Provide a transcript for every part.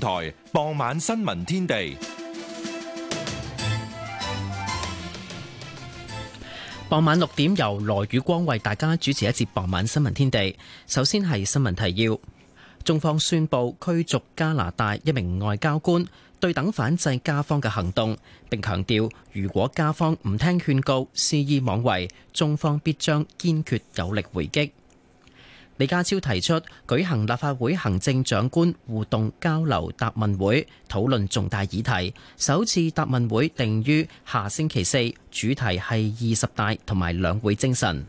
台傍晚新聞天地，傍晚六點由羅宇光為大家主持一節傍晚新聞天地。首先係新聞提要，中方宣布驅逐加拿大一名外交官，對等反制加方嘅行動，並強調如果加方唔聽勸告，肆意妄為，中方必將堅決有力回擊。李家超提出舉行立法會行政長官互動交流答問會，討論重大議題。首次答問會定於下星期四，主題係二十大同埋兩會精神。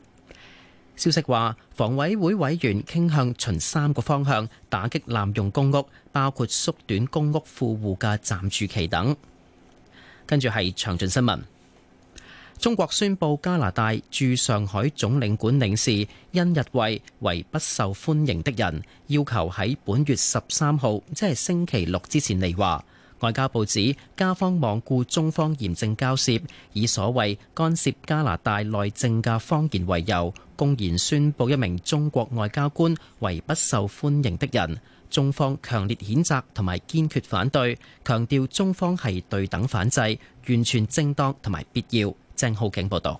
消息話，房委會委員傾向循三個方向打擊濫用公屋，包括縮短公屋富戶嘅暫住期等。跟住係詳盡新聞。中國宣布加拿大駐上海總領館領事因日惠為不受歡迎的人，要求喺本月十三號，即係星期六之前離華。外交部指，加方罔顧中方嚴正交涉，以所謂干涉加拿大內政嘅謊言為由，公然宣布一名中國外交官為不受歡迎的人。中方強烈譴責同埋堅決反對，強調中方係對等反制，完全正當同埋必要。鄭浩景報道。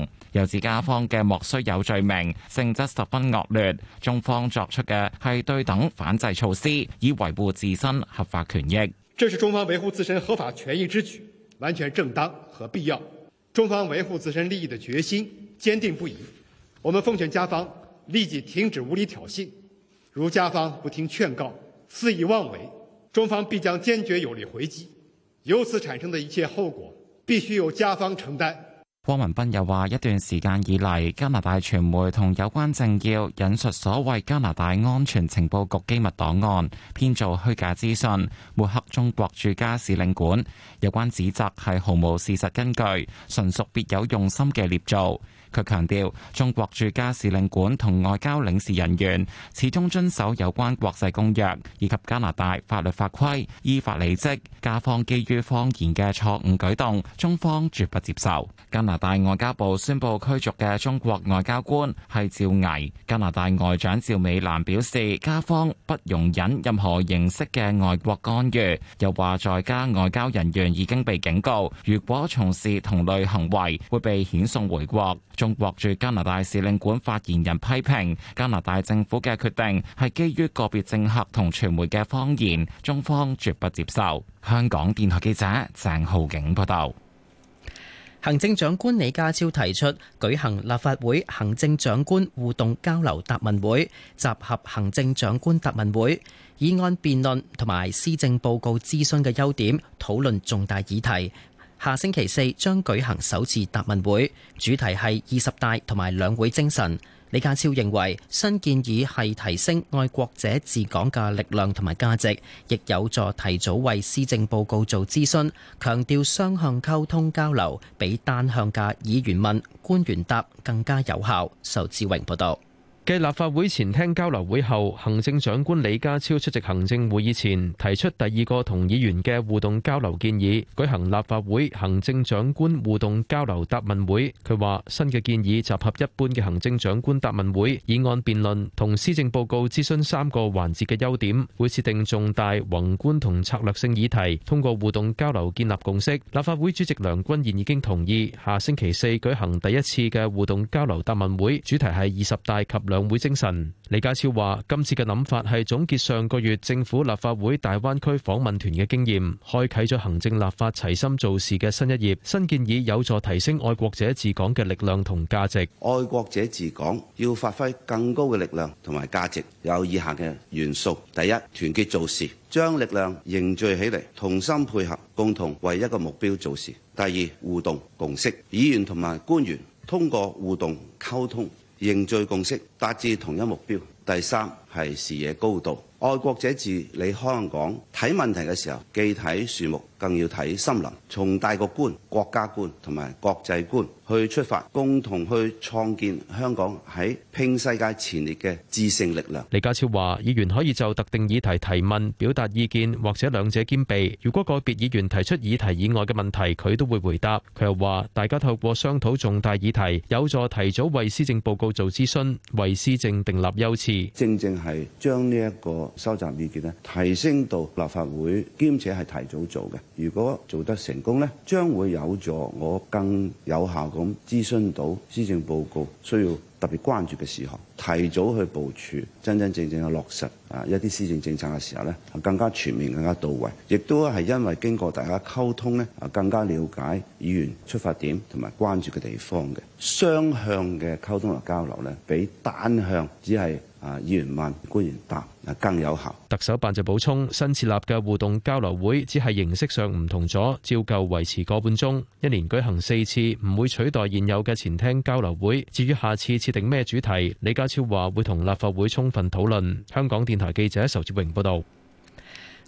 有指加方嘅莫須有罪名，性質十分惡劣。中方作出嘅係對等反制措施，以維護自身合法權益。這是中方維護自身合法權益之舉，完全正當和必要。中方維護自身利益的決心堅定不移。我們奉勸加方立即停止無理挑釁。如加方不聽勸告，肆意妄為，中方必將堅決有力回擊，由此產生的一切後果，必須由加方承擔。汪文斌又話：一段時間以嚟，加拿大傳媒同有關政要引述所謂加拿大安全情報局機密檔案，編造虛假資訊抹黑中國駐加使領館。有關指責係毫無事實根據，純屬別有用心嘅捏造。佢強調，中國駐加使領館同外交領事人員始終遵守有關國際公約以及加拿大法律法規，依法履職。加方基於謊言嘅錯誤舉動，中方絕不接受。加拿大外交部宣布驅逐嘅中國外交官係趙毅。加拿大外長趙美蘭表示，加方不容忍任何形式嘅外國干預，又話在加外交人員已經被警告，如果從事同類行為，會被遣送回國。中國駐加拿大使領館發言人批評加拿大政府嘅決定係基於個別政客同傳媒嘅謊言，中方絕不接受。香港電台記者鄭浩景報道。行政長官李家超提出舉行立法會行政長官互動交流答問會，集合行政長官答問會、議案辯論同埋施政報告諮詢嘅優點，討論重大議題。下星期四將舉行首次答問會，主題係二十大同埋兩會精神。李家超認為，新建議係提升愛國者治港嘅力量同埋價值，亦有助提早為施政報告做諮詢，強調雙向溝通交流比單向嘅議員問、官員答更加有效。仇志榮報道。繼立法會前廳交流會後，行政長官李家超出席行政會議前提出第二個同議員嘅互動交流建議，舉行立法會行政長官互動交流答問會。佢話新嘅建議集合一般嘅行政長官答問會、議案辯論同施政報告諮詢三個環節嘅優點，會設定重大宏觀同策略性議題，通過互動交流建立共識。立法會主席梁君彥已經同意下星期四舉行第一次嘅互動交流答問會，主題係二十大及。兩會精神，李家超話：今次嘅諗法係總結上個月政府立法會大灣區訪問團嘅經驗，開啟咗行政立法齊心做事嘅新一頁。新建議有助提升愛國者治港嘅力量同價值。愛國者治港要發揮更高嘅力量同埋價值，有以下嘅元素：第一，團結做事，將力量凝聚起嚟，同心配合，共同為一個目標做事；第二，互動共識，議員同埋官員通過互動溝通。凝聚共識，達至同一目標。第三，係視野高度，愛國者治理香港睇問題嘅時候，既睇樹木，更要睇森林，從大局觀、國家觀同埋國際觀去出發，共同去創建香港喺拼世界前列嘅自勝力量。李家超話：議員可以就特定議題提問、表達意見或者兩者兼備。如果個別議員提出議題以外嘅問題，佢都會回答。佢又話：大家透過商討重大議題，有助提早為施政報告做諮詢，為施政訂立優次。正正。係將呢一個收集意見咧，提升到立法會，兼且係提早做嘅。如果做得成功呢，將會有助我更有效咁諮詢到施政報告需要特別關注嘅事項，提早去部署，真真正正嘅落實啊一啲施政政策嘅時候呢，更加全面、更加到位，亦都係因為經過大家溝通呢，啊更加了解議員出發點同埋關注嘅地方嘅雙向嘅溝通和交流呢，比單向只係。啊！議員問，官員答，啊更有效。特首辦就補充，新設立嘅互動交流會只係形式上唔同咗，照舊維持個半鐘，一年舉行四次，唔會取代現有嘅前廳交流會。至於下次設定咩主題，李家超話會同立法會充分討論。香港電台記者仇志榮報道。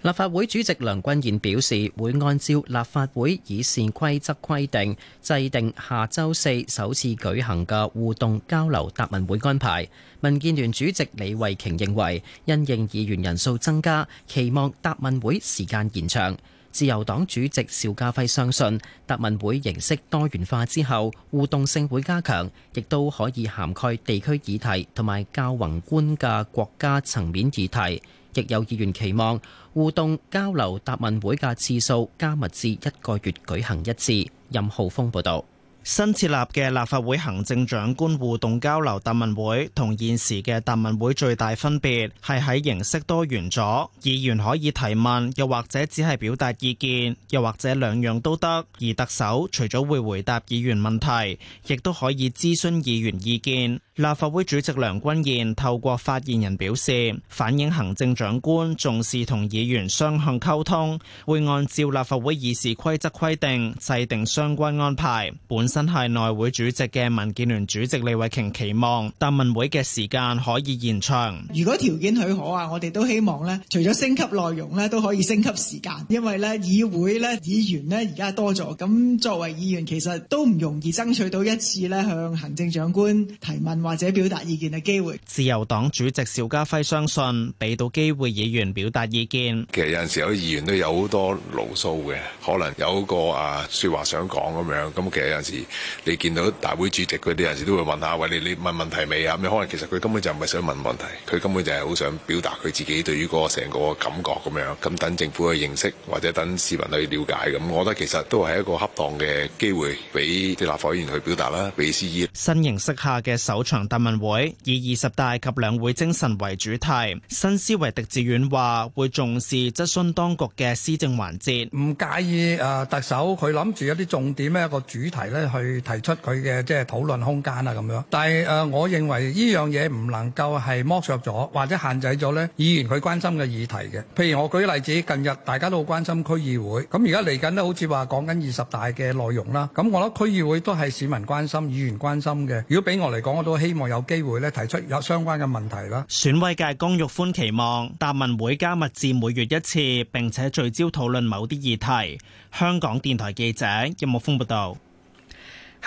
立法會主席梁君彥表示，會按照立法會議事規則規定，制定下周四首次舉行嘅互動交流答問會安排。民建聯主席李慧瓊認為，因應議員人數增加，期望答問會時間延長。自由黨主席邵家輝相信，答問會形式多元化之後，互動性會加強，亦都可以涵蓋地區議題同埋較宏觀嘅國家層面議題。亦有議員期望互動交流答問會嘅次數加密至一個月舉行一次。任浩峰報導。新設立嘅立法會行政長官互動交流答問會同現時嘅答問會最大分別係喺形式多元咗，議員可以提問，又或者只係表達意見，又或者兩樣都得。而特首除咗會回答議員問題，亦都可以諮詢議員意見。立法會主席梁君彥透過發言人表示，反映行政長官重視同議員雙向溝通，會按照立法會議事規則規定制定相關安排。本身係內會主席嘅民建聯主席李慧瓊期望答問會嘅時間可以延長。如果條件許可啊，我哋都希望呢，除咗升級內容呢，都可以升級時間，因為呢，議會呢，議員呢而家多咗，咁作為議員其實都唔容易爭取到一次呢，向行政長官提問或者表達意見嘅機會。自由黨主席邵家輝相信俾到機會議員表達意見。其實有陣時有議員都有好多牢騷嘅，可能有個啊説話想講咁樣。咁其實有陣時你見到大會主席嗰啲有陣時都會問下，喂，你你問問題未啊？咁可能其實佢根本就唔係想問問題，佢根本就係好想表達佢自己對於嗰個成個感覺咁樣。咁等政府去認識，或者等市民去了解咁。我覺得其實都係一個恰當嘅機會，俾啲立法議員去表達啦，俾司儀。新形式下嘅首。答問會以二十大及兩會精神為主題，新思維狄志遠話會重視質詢當局嘅施政環節，唔介意誒特首佢諗住一啲重點咧一個主題咧去提出佢嘅即係討論空間啊咁樣。但係誒我認為呢樣嘢唔能夠係剝削咗或者限制咗咧議員佢關心嘅議題嘅。譬如我舉例子，近日大家都好關心區議會，咁而家嚟緊咧好似話講緊二十大嘅內容啦，咁我覺得區議會都係市民關心、議員關心嘅。如果俾我嚟講，我都。希望有機會咧提出有相關嘅問題啦。選委界江玉歡期望答問會加密至每月一次，並且聚焦討論某啲議題。香港電台記者任茂峰報道。有有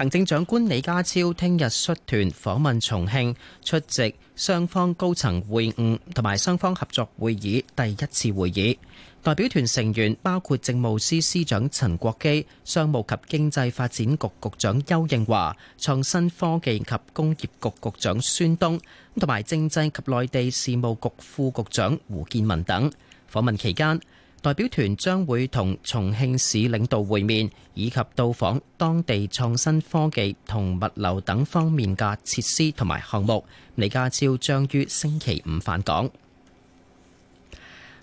行政長官李家超聽日率團訪問重慶，出席雙方高層會晤同埋雙方合作會議第一次會議。代表團成員包括政務司司長陳國基、商務及經濟發展局局長邱應華、創新科技及工業局局長孫東，同埋政制及內地事務局副局長胡建文等。訪問期間，代表團將會同重慶市領導會面，以及到訪當地創新科技同物流等方面嘅設施同埋項目。李家超將於星期五返港。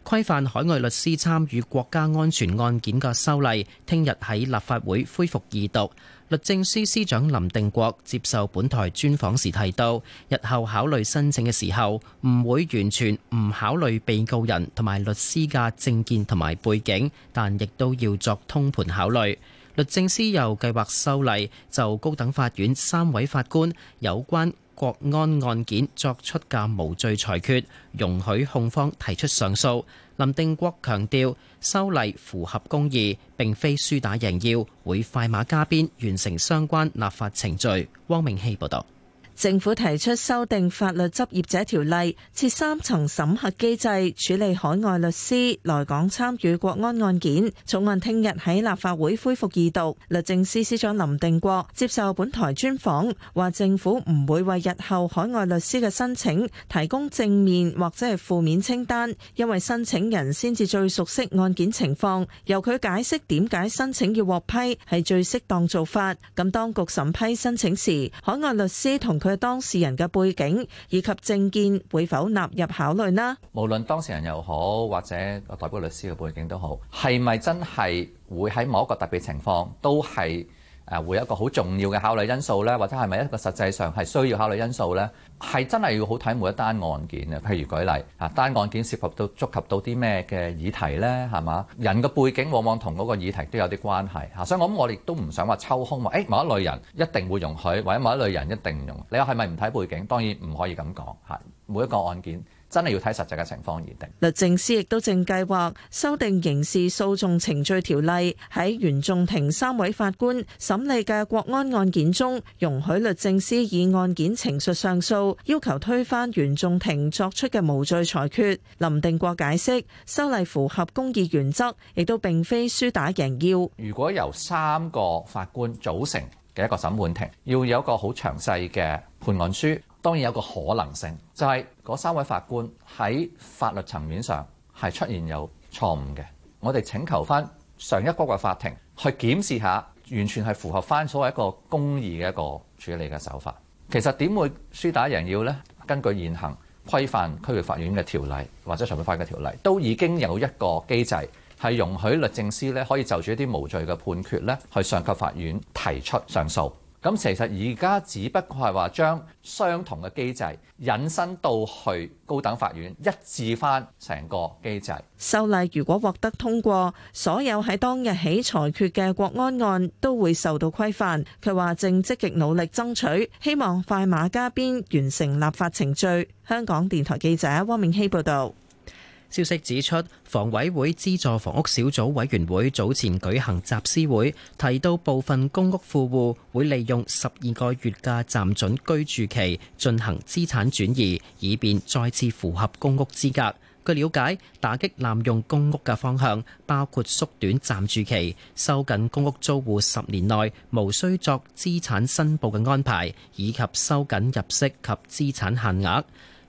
規範海外律師參與國家安全案件嘅修例，聽日喺立法會恢復二讀。律政司司長林定國接受本台專訪時提到，日後考慮申請嘅時候，唔會完全唔考慮被告人同埋律師嘅政見同埋背景，但亦都要作通盤考慮。律政司又計劃修例，就高等法院三位法官有關。國安案件作出嘅無罪裁決，容許控方提出上訴。林定國強調，修例符合公義，並非輸打贏要，會快馬加鞭完成相關立法程序。汪明希報道。政府提出修訂法律執業者條例，設三層審核機制處理海外律師來港參與國安案件草案，聽日喺立法會恢復二讀。律政司司長林定國接受本台專訪話政府唔會為日後海外律師嘅申請提供正面或者係負面清單，因為申請人先至最熟悉案件情況，由佢解釋點解申請要獲批係最適當做法。咁當局審批申請時海外律師同。佢嘅當事人嘅背景以及證件會否納入考慮呢？無論當事人又好，或者代表律師嘅背景都好，係咪真係會喺某一個特別情況都係。誒會有一個好重要嘅考慮因素咧，或者係咪一個實際上係需要考慮因素咧？係真係要好睇每一單案件嘅。譬如舉例，啊單案件涉及到觸及到啲咩嘅議題咧，係嘛？人嘅背景往往同嗰個議題都有啲關係。嚇，所以我諗我哋都唔想話抽空話，誒、欸、某一類人一定會容許，或者某一類人一定唔容許。你話係咪唔睇背景？當然唔可以咁講嚇。每一個案件。真係要睇實際嘅情況而定。律政司亦都正計劃修訂刑事訴訟程序條例，喺原訟庭三位法官審理嘅國安案件中，容許律政司以案件程序上訴，要求推翻原訟庭作出嘅無罪裁決。林定國解釋修例符合公義原則，亦都並非輸打贏要。如果由三個法官組成嘅一個審判庭，要有一個好詳細嘅判案書。當然有個可能性，就係、是、嗰三位法官喺法律層面上係出現有錯誤嘅。我哋請求翻上一級嘅法庭去檢視下，完全係符合翻所謂一個公義嘅一個處理嘅手法。其實點會輸打贏要呢？根據現行規範區域法院嘅條例或者裁判法院嘅條例，都已經有一個機制係容許律政司咧可以就住一啲無罪嘅判決咧去上級法院提出上訴。咁其實而家只不過係話將相同嘅機制引申到去高等法院，一致翻成個機制。修例如果獲得通過，所有喺當日起裁決嘅國安案都會受到規範。佢話正積極努力爭取，希望快馬加鞭完成立法程序。香港電台記者汪明熙報道。消息指出，房委會資助房屋小組委員會早前舉行集思會提到部分公屋富戶會利用十二個月嘅暫准居住期進行資產轉移，以便再次符合公屋資格。據了解，打擊濫用公屋嘅方向包括縮短暫住期，收緊公屋租戶十年內無需作資產申報嘅安排，以及收緊入息及資產限額。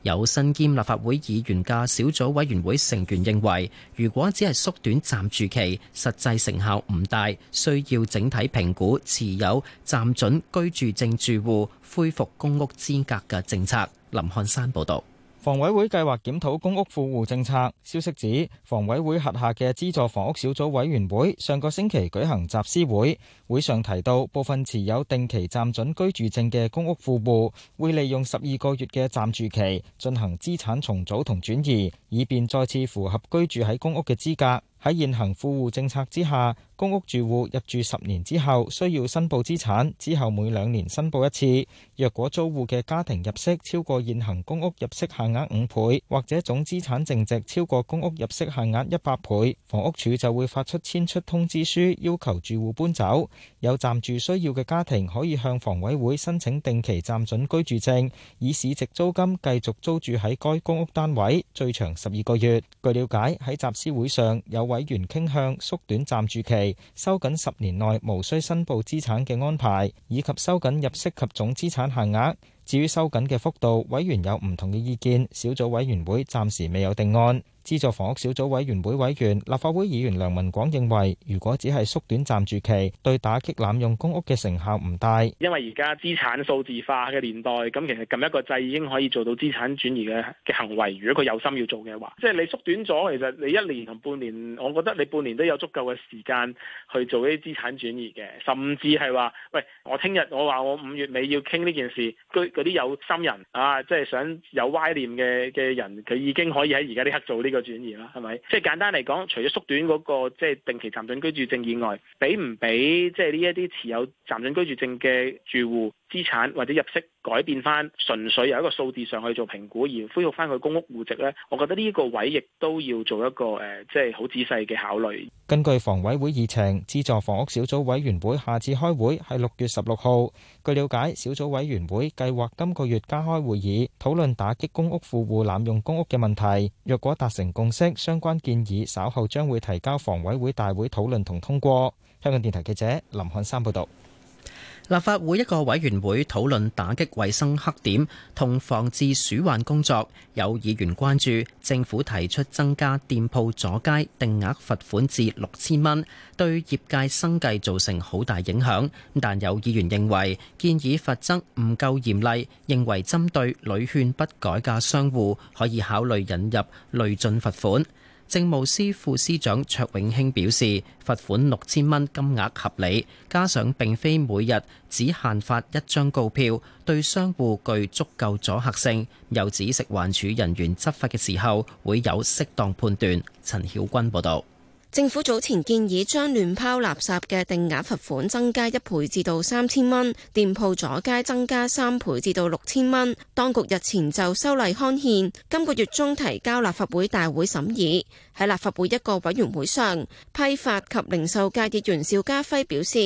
有身兼立法會議員嘅小組委員會成員認為，如果只係縮短暫住期，實際成效唔大，需要整體評估持有暫准居住證住戶恢復公屋資格嘅政策。林漢山報導。房委會計劃檢討公屋富戶政策。消息指，房委會轄下嘅資助房屋小組委員會上個星期舉行集思會，會上提到部分持有定期暫准居住證嘅公屋富戶會利用十二個月嘅暫住期進行資產重組同轉移，以便再次符合居住喺公屋嘅資格。喺現行富戶政策之下，公屋住戶入住十年之後，需要申報資產，之後每兩年申報一次。若果租戶嘅家庭入息超過現行公屋入息限額五倍，或者總資產淨值超過公屋入息限額一百倍，房屋署就會發出遷出通知書，要求住戶搬走。有暫住需要嘅家庭可以向房委會申請定期暫准居住證，以市值租金繼續租住喺該公屋單位，最長十二個月。據了解，喺集思會上，有委員傾向縮短暫住期。收緊十年內無需申報資產嘅安排，以及收緊入息及總資產限額。至於收緊嘅幅度，委員有唔同嘅意見，小組委員會暫時未有定案。資助房屋小組委員會委員、立法會議員梁文廣認為，如果只係縮短暫住期，對打擊濫用公屋嘅成效唔大。因為而家資產數字化嘅年代，咁其實撳一個掣已經可以做到資產轉移嘅嘅行為。如果佢有心要做嘅話，即係你縮短咗，其實你一年同半年，我覺得你半年都有足夠嘅時間去做啲資產轉移嘅，甚至係話，喂，我聽日我話我五月尾要傾呢件事，佢。嗰啲有心人啊，即係想有歪念嘅嘅人，佢已經可以喺而家呢刻做呢個轉移啦，係咪？即係簡單嚟講，除咗縮短嗰個即係定期暫准居住證以外，俾唔俾即係呢一啲持有暫准居住證嘅住戶？資產或者入息改變翻，純粹由一個數字上去做評估，而恢復翻佢公屋戶籍咧，我覺得呢個位亦都要做一個誒，即係好仔細嘅考慮。根據房委會議程，資助房屋小組委員會下次開會係六月十六號。據了解，小組委員會計劃今個月加開會議，討論打擊公屋富戶濫用公屋嘅問題。若果達成共識，相關建議稍後將會提交房委會大會討論同通過。香港電台記者林漢山報道。立法會一個委員會討論打擊衛生黑點同防治鼠患工作，有議員關注政府提出增加店鋪阻街定額罰款至六千蚊，對業界生計造成好大影響。但有議員認為建議罰則唔夠嚴厲，認為針對屢勸不改嘅商戶可以考慮引入累進罰款。政務司副司長卓永興表示，罰款六千蚊金額合理，加上並非每日只限發一張告票，對商戶具足夠阻嚇性。又指食環署人員執法嘅時候會有適當判斷。陳曉君報道。政府早前建議將亂拋垃圾嘅定額罰款增加一倍至到三千蚊，店鋪阻街增加三倍至到六千蚊。當局日前就修例刊憲，今個月中提交立法會大會審議。喺立法會一個委員會上，批發及零售界議員邵家輝表示，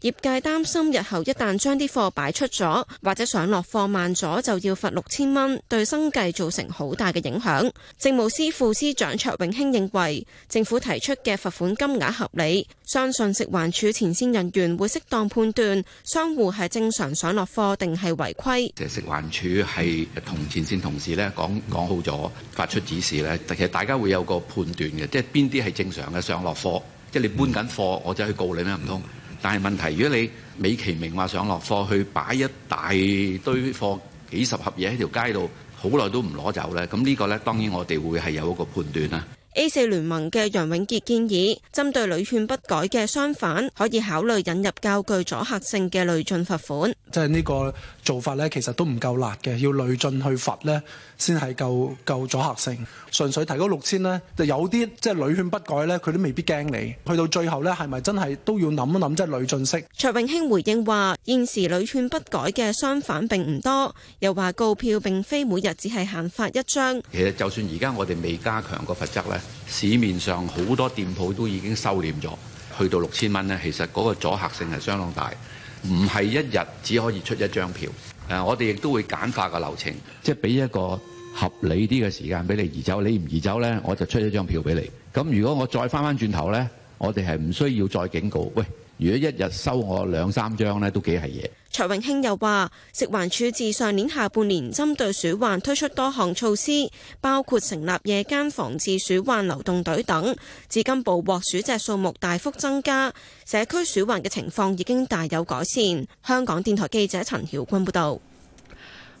業界擔心日後一旦將啲貨擺出咗，或者上落貨慢咗，就要罰六千蚊，對生計造成好大嘅影響。政務司副司長卓永興認為，政府提出嘅罰款金額合理，相信食環署前線人員會適當判斷，商戶係正常上落貨定係違規？即係食環署係同前線同事咧講講好咗，發出指示咧，其實大家會有個判斷嘅，即係邊啲係正常嘅上落貨，即係你搬緊貨，我就去告你咩唔通？但係問題，如果你美其名話上落貨，去擺一大堆貨，幾十盒嘢喺條街度，好耐都唔攞走咧，咁呢個咧，當然我哋會係有一個判斷啦。A 四聯盟嘅楊永傑建議，針對屢勸不改嘅商販，可以考慮引入較具阻嚇性嘅累進罰款。即係呢個做法呢，其實都唔夠辣嘅，要累進去罰呢。先係夠夠阻嚇性，純粹提高六千呢，就有啲即係屢勸不改呢，佢都未必驚你。去到最後呢，係咪真係都要諗一諗即係累進式？卓永興回應話：現時屢勸不改嘅商販並唔多，又話告票並非每日只係限發一張。其實就算而家我哋未加強個罰則呢，市面上好多店鋪都已經收斂咗。去到六千蚊呢，其實嗰個阻嚇性係相當大，唔係一日只可以出一張票。誒，我哋亦都會簡化個流程，即係俾一個合理啲嘅時間俾你移走，你唔移走呢，我就出一張票俾你。咁如果我再翻翻轉頭呢，我哋係唔需要再警告。喂，如果一日收我兩三張呢，都幾係嘢。卓永興又話：食環署自上年下半年針對鼠患推出多項措施，包括成立夜間防治鼠患流動隊等。至今捕獲鼠隻數目大幅增加，社區鼠患嘅情況已經大有改善。香港電台記者陳曉君報導。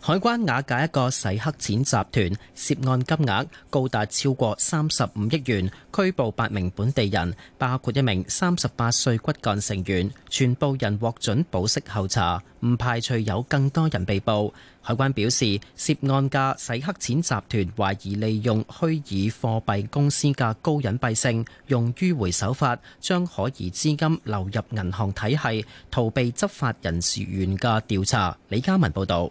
海關瓦解一個洗黑錢集團，涉案金額高達超過三十五億元，拘捕八名本地人，包括一名三十八歲骨幹成員，全部人獲准保釋候查，唔排除有更多人被捕。海關表示，涉案嘅洗黑錢集團懷疑利用虛擬貨幣公司嘅高隱蔽性，用迂回手法將可疑資金流入銀行體系，逃避執法人事員嘅調查。李嘉文報道。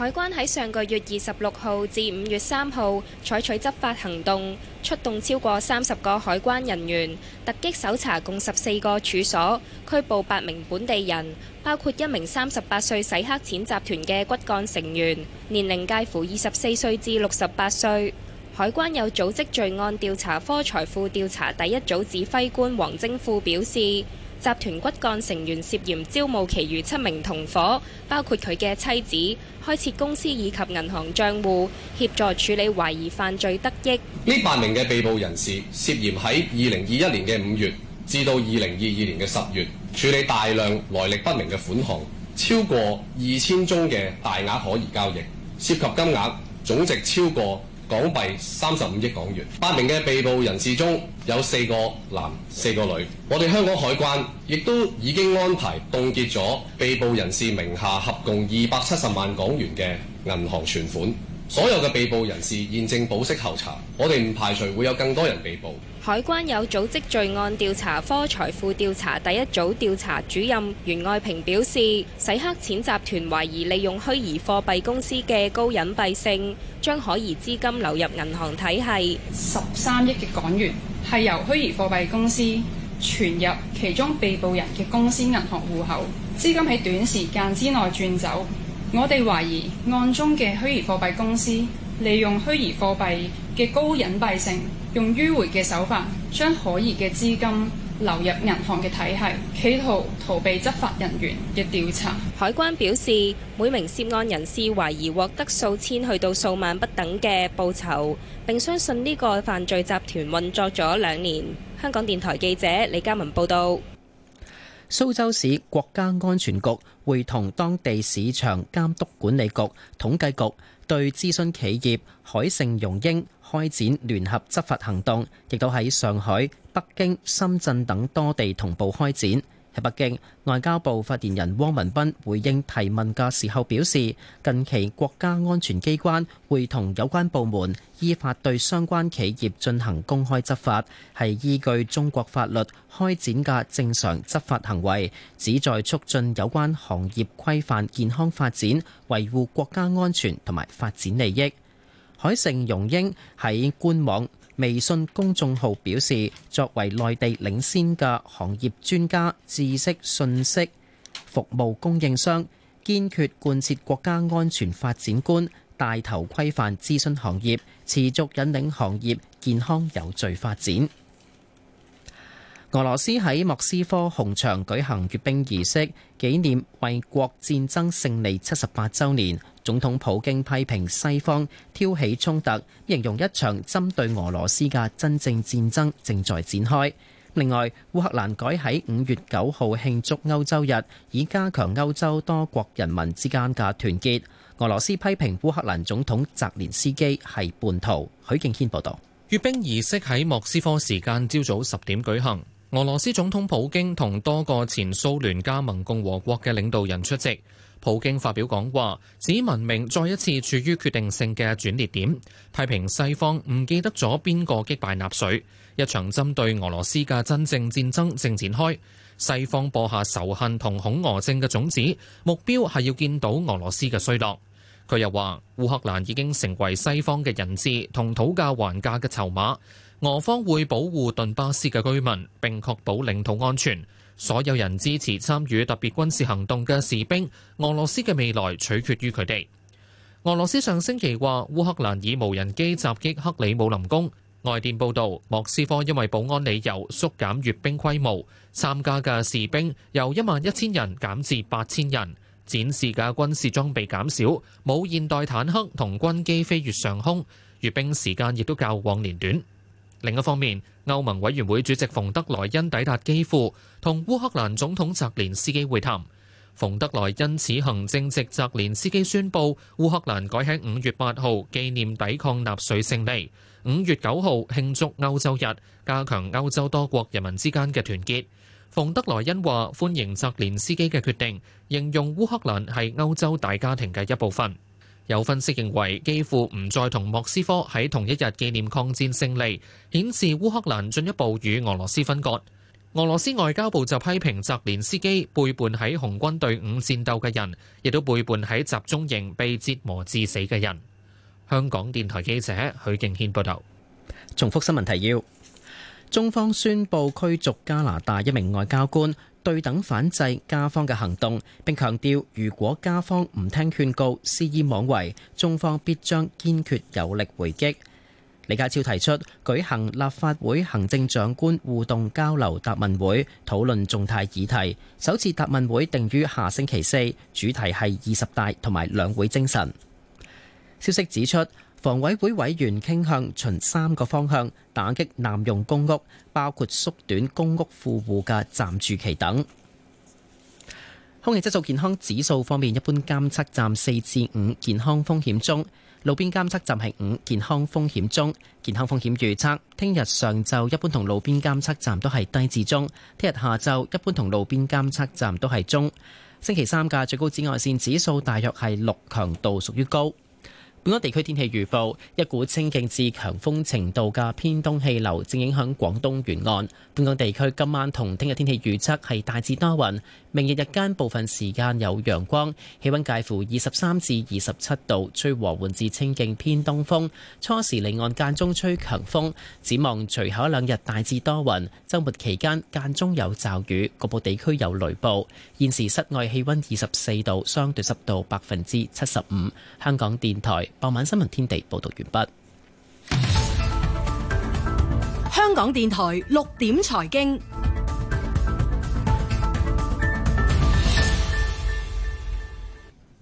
海關喺上個月二十六號至五月三號採取執法行動，出動超過三十個海關人員，突擊搜查共十四個處所，拘捕八名本地人，包括一名三十八歲洗黑錢集團嘅骨幹成員，年齡介乎二十四歲至六十八歲。海關有組織罪案調查科財富調查第一組指揮官黃正富表示。集團骨幹成員涉嫌招募其餘七名同伙，包括佢嘅妻子、開設公司以及銀行帳戶，協助處理懷疑犯罪得益。呢八名嘅被捕人士涉嫌喺二零二一年嘅五月至到二零二二年嘅十月，處理大量來歷不明嘅款項，超過二千宗嘅大額可疑交易，涉及金額總值超過港幣三十五億港元。八名嘅被捕人士中，有四個男，四個女。我哋香港海關亦都已經安排凍結咗被捕人士名下合共二百七十萬港元嘅銀行存款。所有嘅被捕人士現正保釋候查。我哋唔排除會有更多人被捕。海關有組織罪案調查科財富調查第一組調查主任袁愛平表示，洗黑錢集團懷疑利用虛擬貨幣公司嘅高隱蔽性，將可疑資金流入銀行體系十三億嘅港元。係由虛擬貨幣公司存入其中被捕人嘅公司銀行戶口，資金喺短時間之內轉走。我哋懷疑案中嘅虛擬貨幣公司利用虛擬貨幣嘅高隱蔽性，用迂迴嘅手法將可疑嘅資金。流入銀行嘅體系，企圖逃避執法人員嘅調查。海關表示，每名涉案人士懷疑獲得數千去到數萬不等嘅報酬，並相信呢個犯罪集團運作咗兩年。香港電台記者李嘉文報道，蘇州市國家安全局會同當地市場監督管理局、統計局對諮詢企業海盛融英開展聯合執法行動，亦都喺上海、北京、深圳等多地同步開展。喺北京，外交部發言人汪文斌回應提問嘅時候表示，近期國家安全機關會同有關部門依法對相關企業進行公開執法，係依據中國法律開展嘅正常執法行為，旨在促進有關行業規範健康發展，維護國家安全同埋發展利益。海盛融英喺官網。微信公眾號表示，作為內地領先嘅行業專家知識信息服務供應商，堅決貫徹國家安全發展觀，帶頭規範諮詢行業，持續引領行業健康有序發展。俄羅斯喺莫斯科紅場舉行閱兵儀式，紀念衛國戰爭勝利七十八周年。總統普京批評西方挑起衝突，形容一場針對俄羅斯嘅真正戰爭正在展開。另外，烏克蘭改喺五月九號慶祝歐洲日，以加強歐洲多國人民之間嘅團結。俄羅斯批評烏克蘭總統澤連斯基係叛徒。許敬軒報導，閱兵儀式喺莫斯科時間朝早十點舉行，俄羅斯總統普京同多個前蘇聯加盟共和國嘅領導人出席。普京發表講話，指文明再一次處於決定性嘅轉捩點，批評西方唔記得咗邊個擊敗納粹，一場針對俄羅斯嘅真正戰爭正展開。西方播下仇恨同恐俄症嘅種子，目標係要見到俄羅斯嘅衰落。佢又話，烏克蘭已經成為西方嘅人質同討價還價嘅籌碼，俄方會保護頓巴斯嘅居民並確保領土安全。所有人支持參與特別軍事行動嘅士兵，俄羅斯嘅未來取決於佢哋。俄羅斯上星期話，烏克蘭以無人機襲擊克里姆林宮。外電報導，莫斯科因為保安理由縮減閱兵規模，參加嘅士兵由一萬一千人減至八千人，展示嘅軍事裝備減少，冇現代坦克同軍機飛越上空，閱兵時間亦都較往年短。另一方面，歐盟委員會主席馮德萊恩抵達基輔，同烏克蘭總統澤連斯基會談。馮德萊恩此行正值澤連斯基宣布烏克蘭改喺五月八號紀念抵抗納粹勝利，五月九號慶祝歐洲日，加強歐洲多國人民之間嘅團結。馮德萊恩話歡迎澤連斯基嘅決定，形容烏克蘭係歐洲大家庭嘅一部分。有分析認為，基輔唔再同莫斯科喺同一日紀念抗戰勝利，顯示烏克蘭進一步與俄羅斯分割。俄羅斯外交部就批評澤連斯基背叛喺紅軍隊伍戰鬥嘅人，亦都背叛喺集中營被折磨致死嘅人。香港電台記者許敬軒報導。重複新聞提要：中方宣布驅逐加拿大一名外交官。對等反制加方嘅行動，並強調如果加方唔聽勸告、肆意妄為，中方必將堅決有力回擊。李家超提出舉行立法會行政長官互動交流答問會，討論重大議題。首次答問會定於下星期四，主題係二十大同埋兩會精神。消息指出。房委會委員傾向循三個方向打擊濫用公屋，包括縮短公屋富戶嘅暫住期等。空氣質素健康指數方面，一般監測站四至五，健康風險中；路邊監測站係五，健康風險中。健康風險預測：聽日上晝一般同路邊監測站都係低至中；聽日下晝一般同路邊監測站都係中。星期三嘅最高紫外線指數大約係六，強度屬於高。本港地區天氣預報：一股清勁至強風程度嘅偏東氣流正影響廣東沿岸。本港地區今晚同聽日天氣預測係大致多雲，明日日間部分時間有陽光，氣溫介乎二十三至二十七度，吹和緩至清勁偏東風。初時離岸間中吹強風，展望隨後一兩日大致多雲，週末期間間中有驟雨，局部地區有雷暴。現時室外氣溫二十四度，相對濕度百分之七十五。香港電台。傍晚新聞天地報道完畢。香港電台六點財經。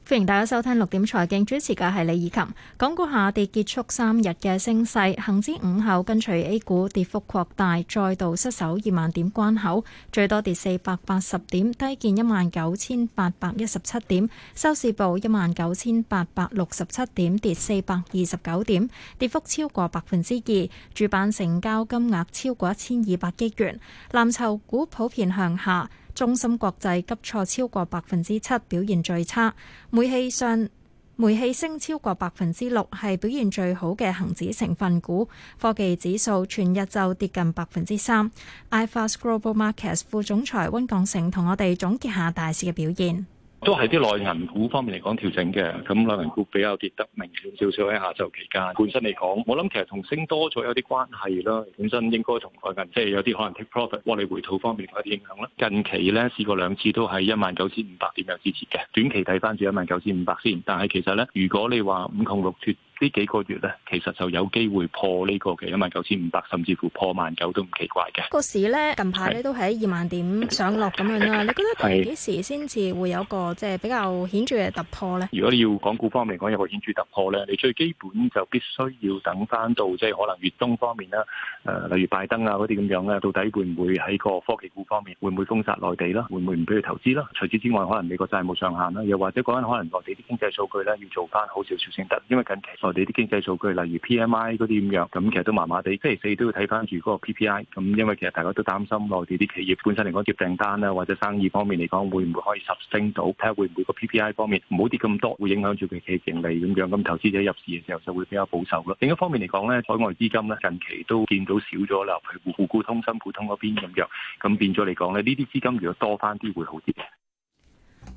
歡迎大家收聽六點財經，主持嘅係李以琴。港股下跌結束三日嘅升勢，恒指午後跟隨 A 股跌幅擴大，再度失守二萬點關口，最多跌四百八十點，低見一萬九千八百一十七點，收市報一萬九千八百六十七點，跌四百二十九點，跌幅超過百分之二。主板成交金額超過一千二百億元，藍籌股普遍向下。中芯國際急挫超過百分之七，表現最差。煤氣上，煤氣升超過百分之六，係表現最好嘅恒指成分股。科技指數全日就跌近百分之三。iFAST Global Markets 副總裁温鋼成同我哋總結下大市嘅表現。都係啲內銀股方面嚟講調整嘅，咁內銀股比較跌得明顯少少喺下晝期間。本身嚟講，我諗其實同升多咗有啲關係啦。本身應該同內近，即係有啲可能 take profit，哇！你回吐方面有啲影響啦。近期咧試過兩次都係一萬九千五百點有支持嘅。短期睇翻住一萬九千五百先，但係其實咧，如果你話五窮六絕。呢幾個月咧，其實就有機會破呢個嘅一萬九千五百，99, 500，甚至乎破萬九都唔奇怪嘅。個市咧近排咧都係喺二萬點上落咁樣啦。 你覺得幾時先至會有一個即係比較顯著嘅突破咧？如果你要港股方面講有個顯著突破咧，你最基本就必須要等翻到即係可能月中方面啦，誒、呃、例如拜登啊嗰啲咁樣啦，到底會唔會喺個科技股方面會唔會封殺內地啦？會唔會唔俾佢投資啦？除此之，之外，可能美國債務上限啦，又或者講緊可能內地啲經濟數據咧要做翻好少少先得，因為近期。我哋啲經濟數據，例如 PMI 嗰啲咁樣，咁其實都麻麻地。星期四都要睇翻住嗰個 PPI，咁因為其實大家都擔心我哋啲企業本身嚟講接訂單啊，或者生意方面嚟講會唔會可以十升到？睇下會唔會個 PPI 方面唔好跌咁多，會影響住佢哋盈利咁樣。咁、那個、投資者入市嘅時候就會比較保守啦。另一方面嚟講咧，海外資金咧近期都見到少咗啦，譬如滬股通、深股通嗰邊咁樣，咁變咗嚟講咧，呢啲資金如果多翻啲會好啲。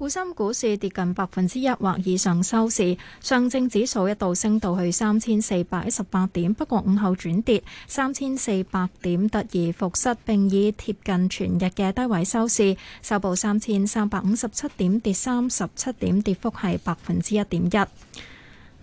滬深股市跌近百分之一或以上收市，上證指數一度升到去三千四百一十八點，不過午後轉跌，三千四百點突然復失，並以貼近全日嘅低位收市，收報三千三百五十七點跌，跌三十七點，跌幅係百分之一點一。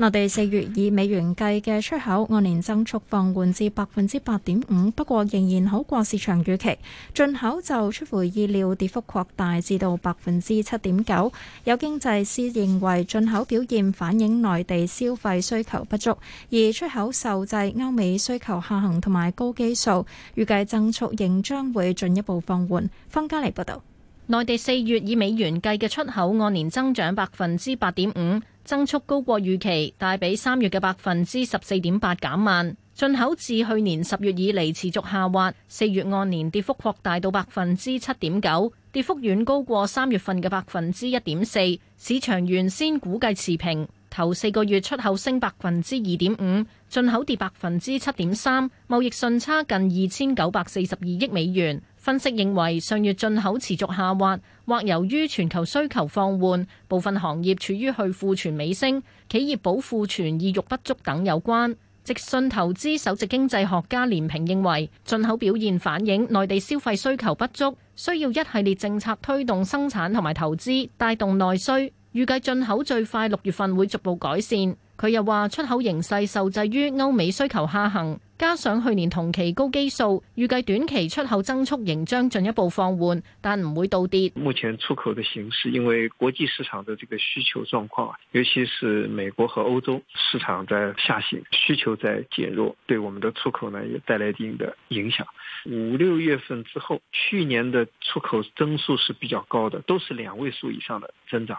內地四月以美元計嘅出口按年增速放緩至百分之八點五，不過仍然好過市場預期。進口就出乎意料，跌幅擴大至到百分之七點九。有經濟師認為，進口表現反映內地消費需求不足，而出口受制歐美需求下行同埋高基數，預計增速仍將會進一步放緩。方嘉莉報道。內地四月以美元計嘅出口按年增長百分之八點五，增速高過預期，大比三月嘅百分之十四點八減慢。進口自去年十月以嚟持續下滑，四月按年跌幅擴大到百分之七點九，跌幅遠高過三月份嘅百分之一點四。市場原先估計持平，頭四個月出口升百分之二點五，進口跌百分之七點三，貿易順差近二千九百四十二億美元。分析認為，上月進口持續下滑，或由於全球需求放緩、部分行業處於去庫存尾聲、企業保庫存意欲不足等有關。直信投資首席經濟學家連平認為，進口表現反映內地消費需求不足，需要一系列政策推動生產同埋投資，帶動內需。預計進口最快六月份會逐步改善。佢又話：出口形勢受制於歐美需求下行，加上去年同期高基數，預計短期出口增速仍將進一步放緩，但唔會倒跌。目前出口的形勢，因為國際市場的這個需求狀況，尤其是美國和歐洲市場在下行，需求在減弱，對我們的出口呢也帶來一定的影響。五六月份之後，去年的出口增速是比較高的，都是兩位數以上的增長。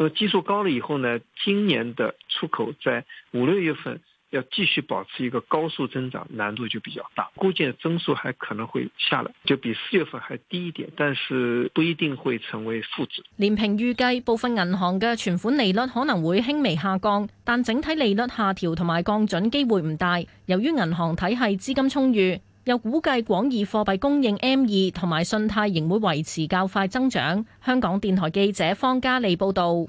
咁基數高了以後呢，今年的出口在五六月份要繼續保持一個高速增長，難度就比較大，估計增速還可能會下來，就比四月份還低一點，但是不一定會成為負值。連平預計部分銀行嘅存款利率可能會輕微下降，但整體利率下調同埋降準機會唔大，由於銀行體系資金充裕。又估計廣義貨幣供應 M 二同埋信貸仍會維持較快增長。香港電台記者方嘉利報導。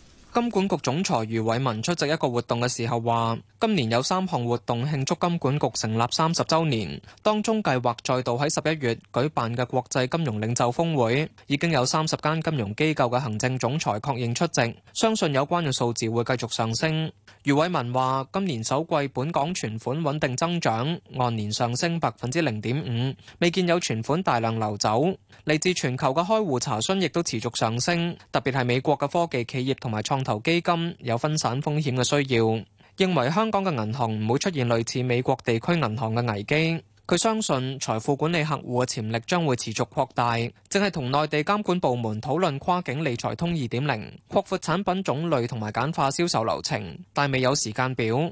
金管局總裁余偉文出席一個活動嘅時候話，今年有三項活動慶祝金管局成立三十周年，當中計劃再度喺十一月舉辦嘅國際金融領袖峰會，已經有三十間金融機構嘅行政總裁確認出席，相信有關嘅數字會繼續上升。余偉文話：今年首季本港存款穩定增長，按年上升百分之零點五，未見有存款大量流走。嚟自全球嘅開戶查詢亦都持續上升，特別係美國嘅科技企業同埋創投基金有分散風險嘅需要。認為香港嘅銀行唔會出現類似美國地區銀行嘅危機。佢相信財富管理客戶嘅潛力將會持續擴大，正係同內地監管部門討論跨境理財通二點零，擴闊產品種類同埋簡化銷售流程，但未有時間表。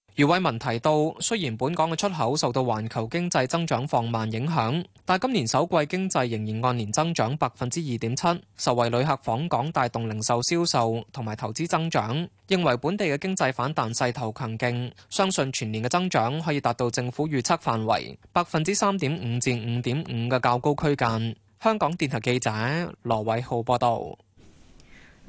余偉文提到，雖然本港嘅出口受到環球經濟增長放慢影響，但今年首季經濟仍然按年增長百分之二點七，受惠旅客訪港帶動零售銷售同埋投資增長，認為本地嘅經濟反彈勢頭強勁，相信全年嘅增長可以達到政府預測範圍百分之三點五至五點五嘅較高區間。香港電台記者羅偉浩報道。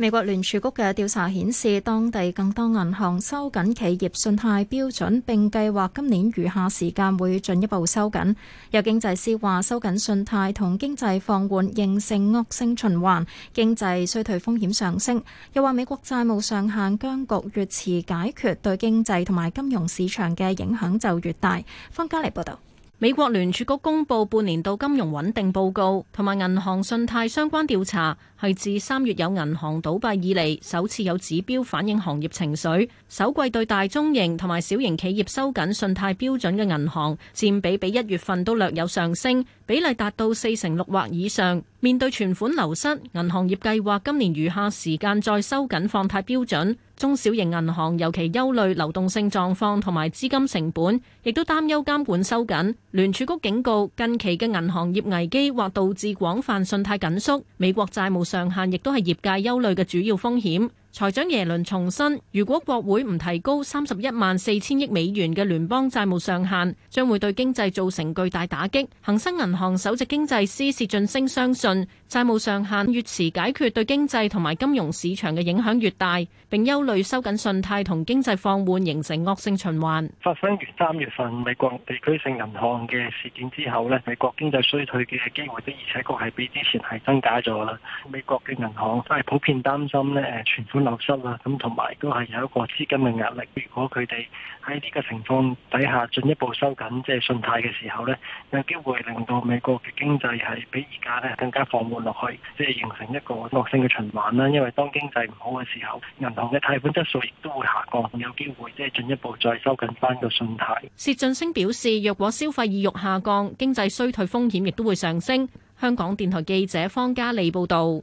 美國聯儲局嘅調查顯示，當地更多銀行收緊企業信貸標準，並計劃今年餘下時間會進一步收緊。有經濟師話，收緊信貸同經濟放緩形成惡性循環，經濟衰退風險上升。又話美國債務上限僵局越遲解決，對經濟同埋金融市場嘅影響就越大。方嘉莉報道，美國聯儲局公布半年度金融穩定報告同埋銀行信貸相關調查。係自三月有銀行倒閉以嚟，首次有指標反映行業情緒。首季對大中型同埋小型企業收緊信貸標準嘅銀行佔比，比一月份都略有上升，比例達到四成六或以上。面對存款流失，銀行業計劃今年餘下時間再收緊放貸標準。中小型銀行尤其憂慮流動性狀況同埋資金成本，亦都擔憂監管收緊。聯儲局警告，近期嘅銀行業危機或導致廣泛信貸緊縮。美國債務上限亦都係業界憂慮嘅主要風險。財長耶倫重申，如果國會唔提高三十一萬四千億美元嘅聯邦債務上限，將會對經濟造成巨大打擊。恒生銀行首席經濟師薛俊昇相信。債務上限越遲解決，對經濟同埋金融市場嘅影響越大。並憂慮收緊信貸同經濟放緩形成惡性循環。發生完三月份美國地區性銀行嘅事件之後呢，美國經濟衰退嘅機會，的而且確係比之前係增加咗啦。美國嘅銀行都係普遍擔心咧，存款流失啦，咁同埋都係有一個資金嘅壓力。如果佢哋喺呢個情況底下進一步收緊即係信貸嘅時候呢，有機會令到美國嘅經濟係比而家咧更加放緩。落去，即係形成一個惡性嘅循環啦。因為當經濟唔好嘅時候，銀行嘅貸款質素亦都會下降，有機會即係進一步再收緊翻個信貸。薛俊升表示，若果消費意欲下降，經濟衰退風險亦都會上升。香港電台記者方嘉利報導。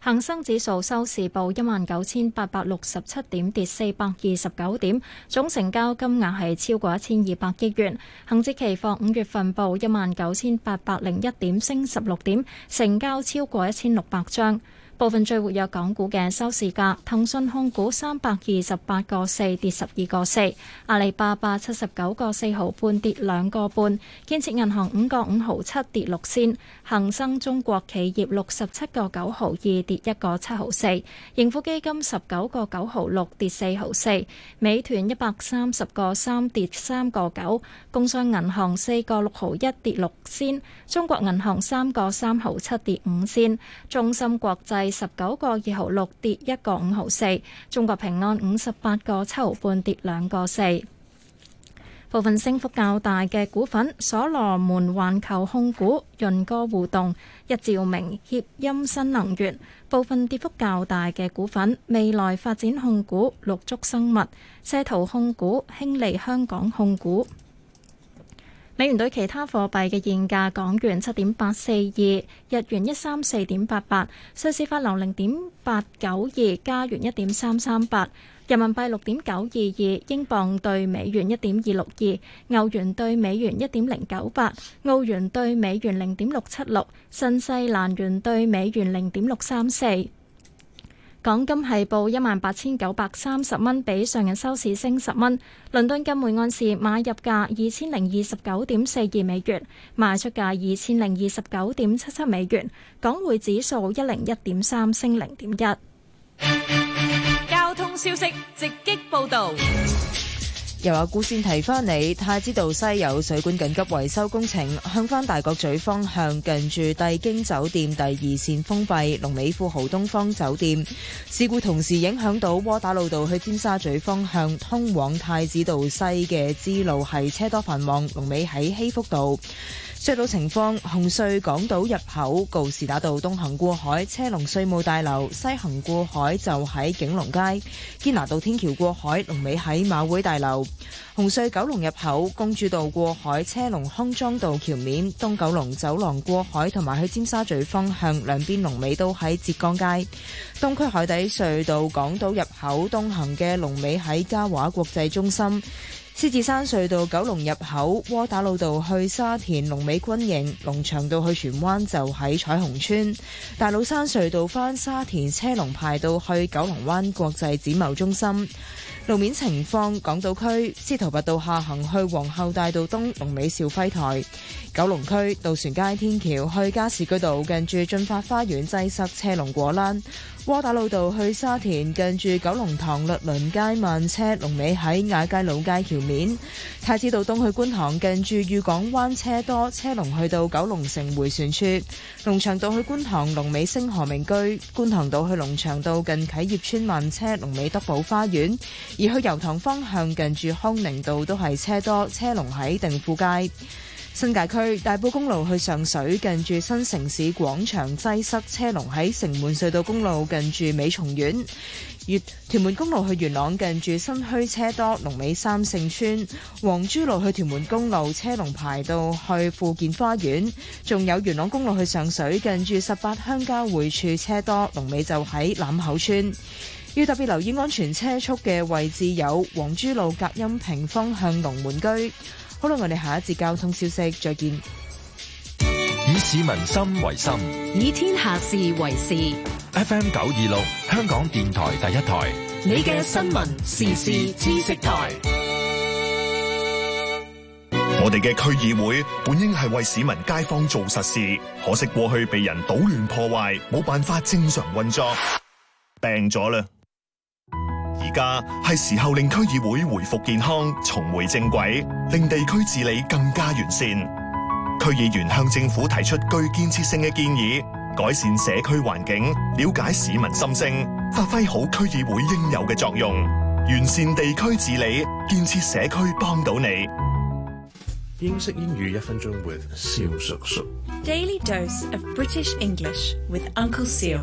恒生指數收市報一萬九千八百六十七點，跌四百二十九點，總成交金額係超過一千二百億元。恒指期貨五月份報一萬九千八百零一點，升十六點，成交超過一千六百張。部分最活躍港股嘅收市價：騰訊控股三百二十八個四，跌十二個四；阿里巴巴七十九個四毫半，跌兩個半；建設銀行五個五毫七，跌六仙；恒生中國企業六十七個九毫二，跌一個七毫四；盈富基金十九個九毫六，跌四毫四；美團一百三十個三，跌三個九；工商銀行四個六毫一，跌六仙；中國銀行三個三毫七，跌五仙；中芯國際十九個二毫六，跌一個五毫四，中國平安五十八個七毫半，跌兩個四。部分升幅較大嘅股份：所羅門環球控股、潤歌互動、日照明、協鑫新能源。部分跌幅較大嘅股份：未來發展控股、綠竹生物、仕圖控股、興利香港控股。美元兌其他貨幣嘅現價：港元七點八四二，日元一三四點八八，瑞士法郎零點八九二，加元一點三三八，人民幣六點九二二，英鎊對美元一點二六二，歐元對美元一點零九八，澳元對美元零點六七六，新西蘭元對美元零點六三四。港金係報一萬八千九百三十蚊，比上日收市升十蚊。倫敦金每安士買入價二千零二十九點四二美元，賣出價二千零二十九點七七美元。港匯指數一零一點三升零點一。交通消息直擊報道。又話古線提翻你，太子道西有水管緊急維修工程，向返大角咀方向近住帝京酒店第二線封閉，龍尾富豪東方酒店。事故同時影響到窩打老道去尖沙咀方向通往太子道西嘅支路係車多繁忙，龍尾喺希福道。隧道情況，紅隧港島入口告士打道東行過海車龍，稅務大樓西行過海就喺景隆街堅拿道天橋過海，龍尾喺馬會大樓。紅隧九龍入口公主道過海車龍，康莊道橋面東九龍走廊過海同埋去尖沙咀方向兩邊龍尾都喺浙江街。東區海底隧道港島入口東行嘅龍尾喺嘉華國際中心。獅子山隧道九龍入口窩打老道去沙田龍尾軍營，龍翔道去荃灣就喺彩虹村。大老山隧道返沙田車龍排到去九龍灣國際展貿中心。路面情況，港島區司徒拔道下行去皇后大道東龍尾兆輝台；九龍區渡船街天橋去加士居道近住進發花園擠塞車龍果欄；窩打老道去沙田近住九龍塘律倫街慢車龍尾喺亞皆老街橋面；太子道東去觀塘近住裕港灣車多車龍去到九龍城迴旋處。龍翔道去觀塘，龍尾星河名居；觀塘道去龍翔道近啟業村慢車，龍尾德寶花園。而去油塘方向近住康寧道都係車多，車龍喺定富街。新界區大埔公路去上水，近住新城市廣場擠塞車龍；喺城門隧道公路，近住美松苑；越屯門公路去元朗，近住新墟車多，龍尾三聖村；黃珠路去屯門公路，車龍排到去富健花園；仲有元朗公路去上水，近住十八鄉交匯處，車多，龍尾就喺欖口村。要特別留意安全車速嘅位置有黃珠路隔音屏方向龍門居。好啦，我哋下一節交通消息再見。以市民心為心，以天下事為事。FM 九二六，香港電台第一台，你嘅新聞時事知識台。我哋嘅區議會本應係為市民街坊做實事，可惜過去被人搗亂破壞，冇辦法正常運作，病咗啦。而家係時候令區議會回復健康，重回正軌，令地區治理更加完善。區議員向政府提出具建設性嘅建議，改善社區環境，了解市民心聲，發揮好區議會應有嘅作用，完善地區治理，建設社區，幫到你。英式英語一分鐘，with 肖叔叔。Daily dose of British English with Uncle Seal。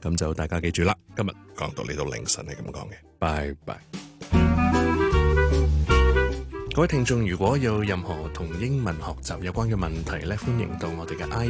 咁就大家記住啦，今日講到呢度凌晨係咁講嘅，拜拜！各位聽眾，如果有任何同英文學習有關嘅問題咧，歡迎到我哋嘅 I。